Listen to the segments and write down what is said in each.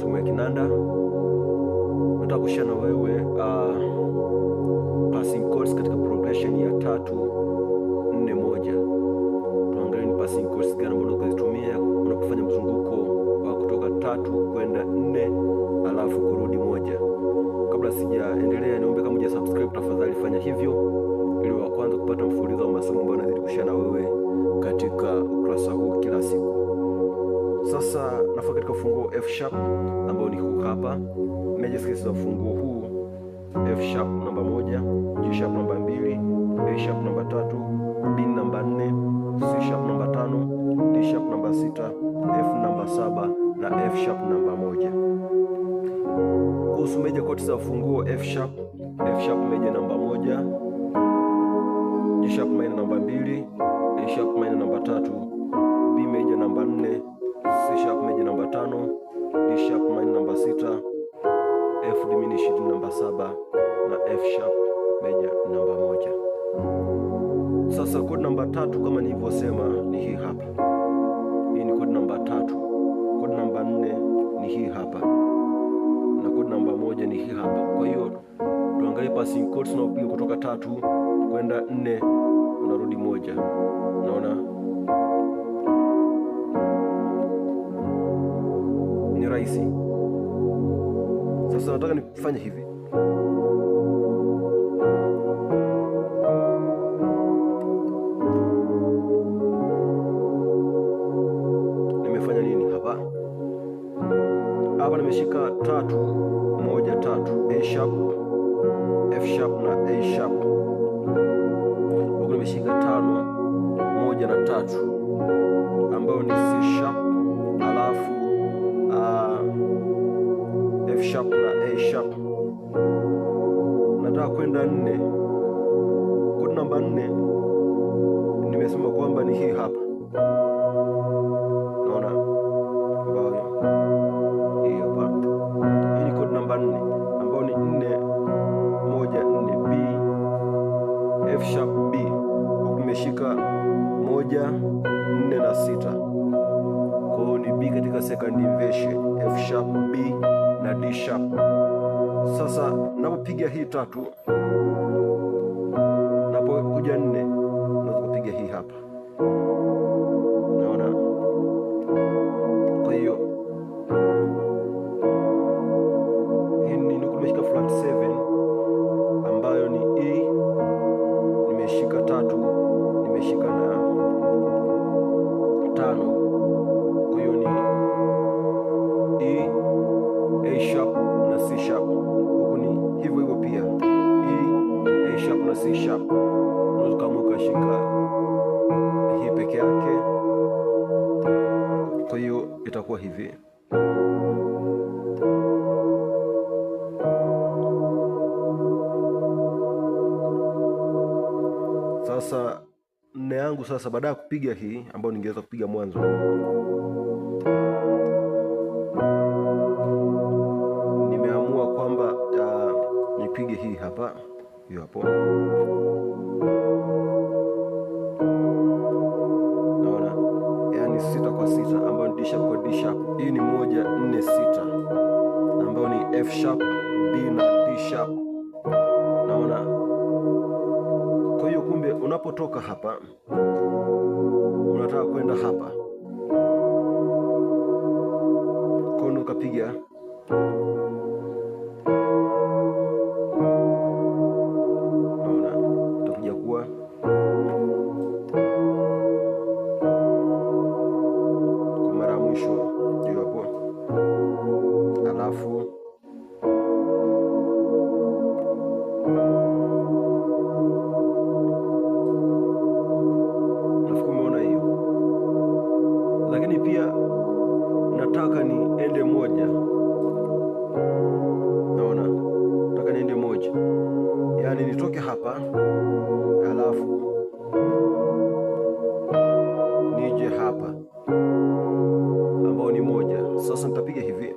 Rosemary Kinanda. Nataka kushare na wewe uh, passing chords katika progression ya tatu nne moja. Tuangalie ni passing chords gani ambazo unazitumia unapofanya mzunguko wa kutoka tatu kwenda nne alafu kurudi moja. Kabla sijaendelea, niombe kama hujasubscribe, tafadhali fanya hivyo ili wa kwanza kupata mfululizo wa masomo ambayo nazidi kushare na wewe katika ukurasa huu kila siku. Sasa nafua katika ufunguo F sharp ambao ni huu hapa. Major scales za ufunguo huu F sharp namba moja, G sharp namba mbili, A sharp namba tatu, B namba nne, C sharp namba tano, D sharp namba sita, F namba saba na F sharp namba moja. Kuhusu meja kote za ufunguo F sharp, F sharp meja namba moja, G sharp minor namba mbili, A sharp minor namba tatu, B major namba nne C sharp meja namba tano, D sharp minor namba sita, F diminished namba saba na F sharp meja namba moja. Sasa kodi namba tatu kama nilivyosema ni hii hapa. Hii ni kodi namba tatu. Kodi namba nne ni hii hapa na kodi namba moja ni hii hapa. Kwa hiyo tuangalie passing chords tunaopiga kutoka tatu kwenda nne, unarudi moja. Unaona? rahisi. Sasa nataka nifanye hivi, nimefanya nini hapa? Hapa nimeshika tatu moja tatu, A sharp, F sharp na A sharp. Huku nimeshika tano moja na tatu ambayo ni C sharp. tunataka kwenda nne. Kodi namba nne nimesema kwamba ni hii hapa, naona ambayo hii hapa, hii ni kodi namba nne ambayo ni nne moja nne B F sharp B, umeshika moja nne na sita kwao ni B katika second inversion F sharp B na D sharp sasa napopiga hii tatu, napokuja nne yako, kama ukashika hii peke yake. Kwa hiyo itakuwa hivi sasa nne yangu sasa, baada ya kupiga hii ambayo ningeweza kupiga mwanzo, nimeamua kwamba uh, nipige hii hapa hiyo hapo naona, yani sita kwa sita ambayo ni D sharp kwa D sharp. Hii ni moja nne sita ambayo ni F sharp B na D sharp, naona. Kwa hiyo kumbe, unapotoka hapa unataka kwenda hapa kono, ukapiga sasa nitapiga hivi.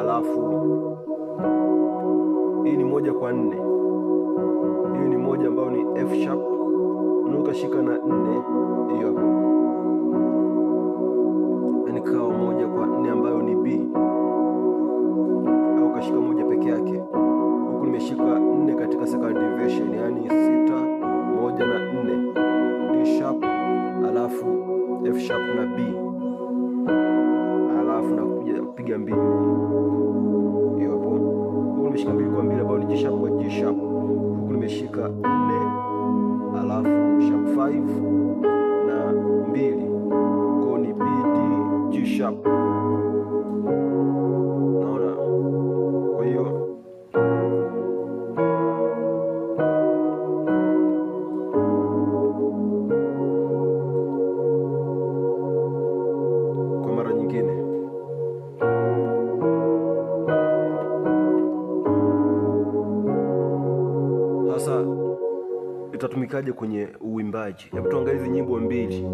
Alafu hii ni moja kwa nne, hii ni moja ambayo ni F sharp, nukashika na nne hiyo up, ulifikaje kwenye uimbaji? Hebu tuangalie nyimbo mbili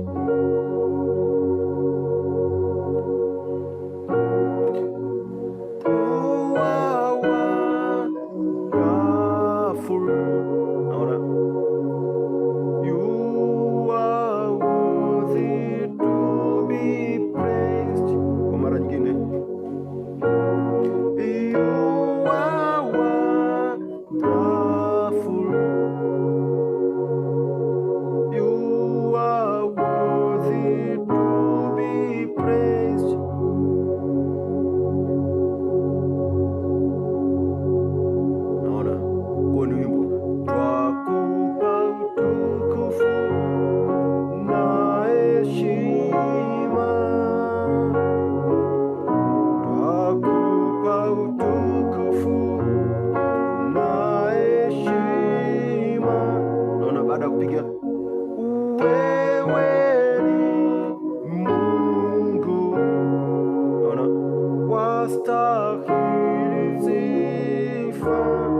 Астахирицифа.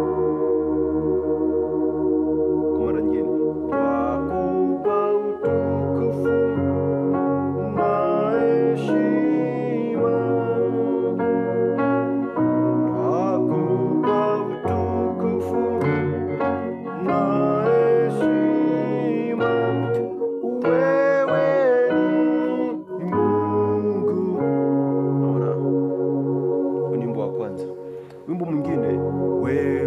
wimbo mwingine we